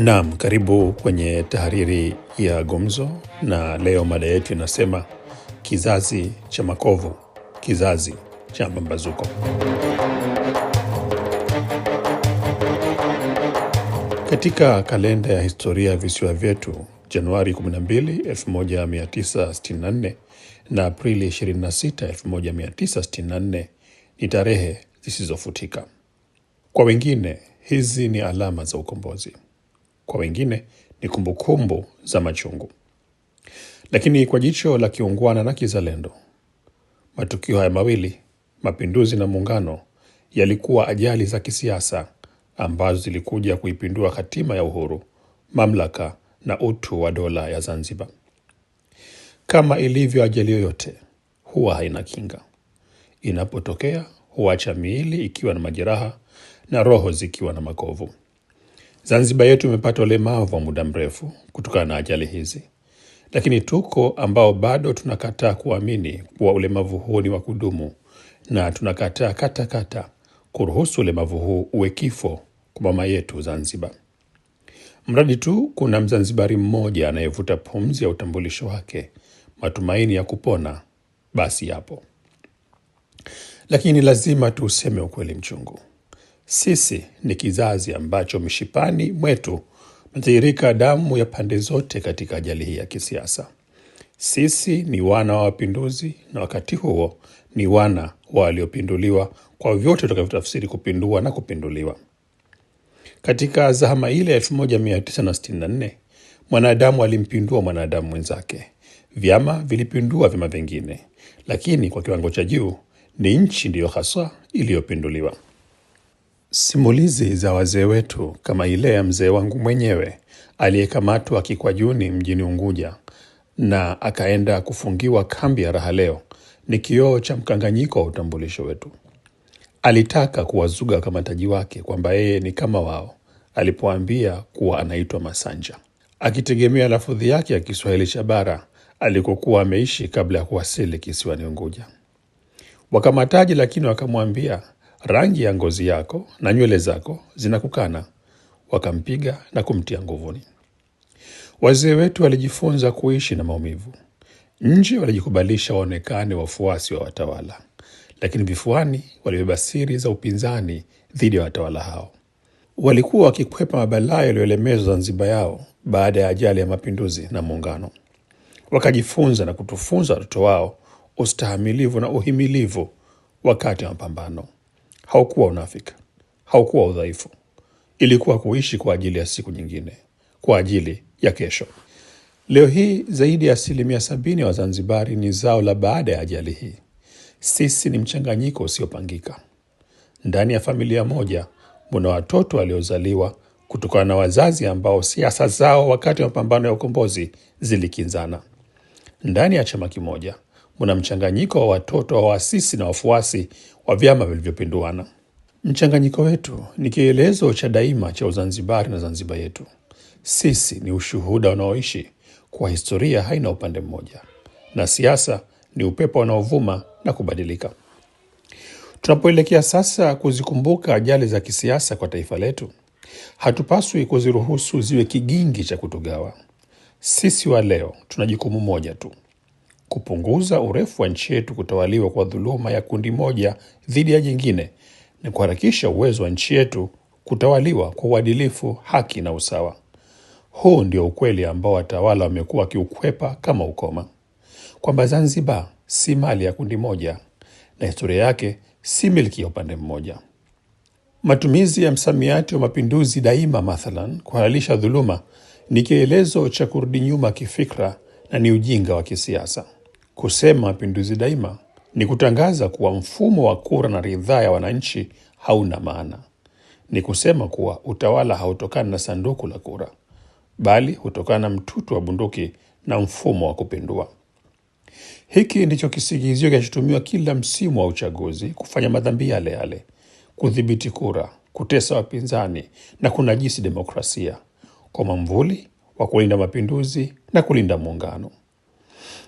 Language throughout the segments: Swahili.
Naam, karibu kwenye tahariri ya Gumzo, na leo mada yetu inasema kizazi cha makovu, kizazi cha mapambazuko. Katika kalenda ya historia ya visiwa vyetu, Januari 12, 1964 na Aprili 26, 1964 ni tarehe zisizofutika. Kwa wengine, hizi ni alama za ukombozi kwa wengine ni kumbukumbu za machungu, lakini kwa jicho la kiungwana na kizalendo, matukio haya mawili, mapinduzi na muungano, yalikuwa ajali za kisiasa ambazo zilikuja kuipindua hatima ya uhuru, mamlaka na utu wa dola ya Zanzibar. Kama ilivyo ajali yoyote, huwa haina kinga. Inapotokea huacha miili ikiwa na majeraha na roho zikiwa na makovu. Zanzibar yetu imepata ulemavu wa muda mrefu kutokana na ajali hizi, lakini tuko ambao bado tunakataa kuamini kuwa ulemavu huu ni wa kudumu, na tunakataa katakata kuruhusu ulemavu huu uwe kifo kwa mama yetu Zanzibar, mradi tu kuna Mzanzibari mmoja anayevuta pumzi ya utambulisho wake, matumaini ya kupona basi yapo. Lakini lazima tuuseme ukweli mchungu sisi ni kizazi ambacho mishipani mwetu natiririka damu ya pande zote katika ajali hii ya kisiasa. Sisi ni wana wa wapinduzi, na wakati huo ni wana wa waliopinduliwa, kwa vyote tutakavyotafsiri kupindua na kupinduliwa. Katika zahama ile ya 1964 mwanadamu alimpindua mwanadamu mwenzake, vyama vilipindua vyama vingine, lakini kwa kiwango cha juu ni nchi ndiyo haswa iliyopinduliwa. Simulizi za wazee wetu kama ile ya mzee wangu mwenyewe aliyekamatwa Kikwajuni mjini Unguja na akaenda kufungiwa kambi ya Raha Leo ni kioo cha mkanganyiko wa utambulisho wetu. Alitaka kuwazuga wakamataji wake kwamba yeye ni kama wao alipoambia kuwa anaitwa Masanja, akitegemea lafudhi yake ya Kiswahili cha bara alikokuwa ameishi kabla ya kuwasili kisiwani Unguja. Wakamataji lakini wakamwambia rangi ya ngozi yako na nywele zako zinakukana. Wakampiga na kumtia nguvuni. Wazee wetu walijifunza kuishi na maumivu. Nje walijikubalisha waonekane wafuasi wa watawala, lakini vifuani walibeba siri za upinzani dhidi ya watawala hao. Walikuwa wakikwepa mabalaa yaliyoelemezwa Zanzibar yao baada ya ajali ya mapinduzi na Muungano. Wakajifunza na kutufunza watoto wao ustahamilivu na uhimilivu wakati wa mapambano. Haukuwa unafiki, haukuwa udhaifu, ilikuwa kuishi kwa ajili ya siku nyingine, kwa ajili ya kesho. Leo hii zaidi ya asilimia sabini ya Wazanzibari ni zao la baada ya ajali hii. Sisi ni mchanganyiko usiopangika. Ndani ya familia moja muna watoto waliozaliwa kutokana na wazazi ambao siasa zao wakati wa mapambano ya ukombozi zilikinzana. Ndani ya chama kimoja muna mchanganyiko wa watoto wa waasisi na wafuasi wa vyama vilivyopinduana. Mchanganyiko wetu ni kielezo cha daima cha Uzanzibari na Zanzibar yetu. Sisi ni ushuhuda unaoishi kwa historia haina upande mmoja, na siasa ni upepo unaovuma na kubadilika. Tunapoelekea sasa kuzikumbuka ajali za kisiasa kwa taifa letu, hatupaswi kuziruhusu ziwe kigingi cha kutugawa. Sisi wa leo tuna jukumu moja tu, kupunguza urefu wa nchi yetu kutawaliwa kwa dhuluma ya kundi moja dhidi ya jingine na kuharakisha uwezo wa nchi yetu kutawaliwa kwa uadilifu, haki na usawa. Huu ndio ukweli ambao watawala wamekuwa wakiukwepa kama ukoma, kwamba Zanzibar si mali ya kundi moja na historia yake si milki ya upande mmoja. Matumizi ya msamiati wa mapinduzi daima, mathalan, kuhalalisha dhuluma, ni kielezo cha kurudi nyuma kifikra na ni ujinga wa kisiasa kusema mapinduzi daima ni kutangaza kuwa mfumo wa kura na ridhaa ya wananchi hauna maana. Ni kusema kuwa utawala hautokani na sanduku la kura, bali hutokana na mtutu wa bunduki na mfumo wa kupindua. Hiki ndicho kisingizio kinachotumiwa kila msimu wa uchaguzi kufanya madhambi yale yale: kudhibiti kura, kutesa wapinzani na kunajisi demokrasia kwa mamvuli wa kulinda mapinduzi na kulinda muungano.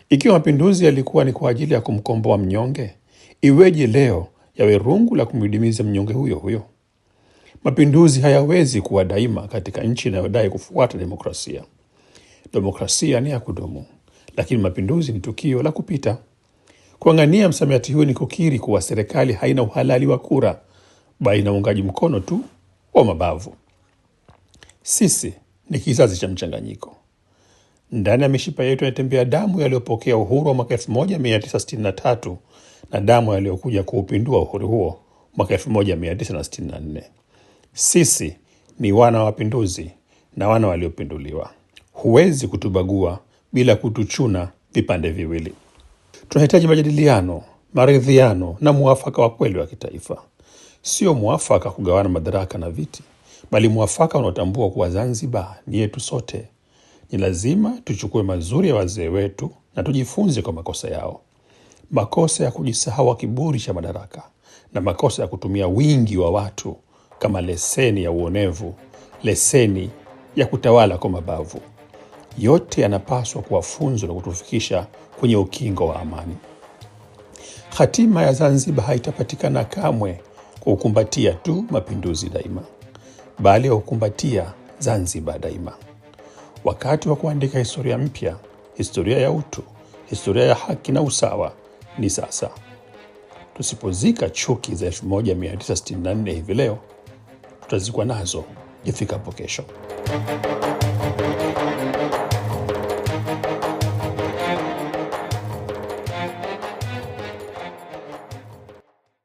Ikiwa mapinduzi yalikuwa ni kwa ajili ya kumkomboa mnyonge, iweje leo yawe rungu la kumhidimiza mnyonge huyo huyo? Mapinduzi hayawezi kuwa daima katika nchi inayodai kufuata demokrasia. Demokrasia ni ya kudumu, lakini mapinduzi ni tukio la kupita. Kuang'ania msamiati huu ni kukiri kuwa serikali haina uhalali wa kura, bali na uungaji mkono tu wa mabavu. Sisi ni kizazi cha mchanganyiko. Ndani ya mishipa yetu yanatembea damu yaliyopokea uhuru wa mwaka 1963 na damu yaliyokuja kuupindua uhuru huo mwaka 1964. Sisi ni wana wa wapinduzi na wana waliopinduliwa. Huwezi kutubagua bila kutuchuna vipande viwili. Tunahitaji majadiliano, maridhiano na mwafaka wa kweli wa kitaifa, sio mwafaka kugawana madaraka na viti, bali mwafaka unaotambua kuwa Zanzibar ni yetu sote. Ni lazima tuchukue mazuri ya wazee wetu na tujifunze kwa makosa yao, makosa ya kujisahau kiburi cha madaraka na makosa ya kutumia wingi wa watu kama leseni ya uonevu, leseni ya kutawala kwa mabavu. Yote yanapaswa kuwa funzo na kutufikisha kwenye ukingo wa amani. Hatima ya Zanzibar haitapatikana kamwe kwa kukumbatia tu mapinduzi daima, bali ya kukumbatia Zanzibar daima. Wakati wa kuandika historia mpya, historia ya utu, historia ya haki na usawa ni sasa. Tusipozika chuki za 1964 hivi leo, tutazikwa nazo ifikapo kesho.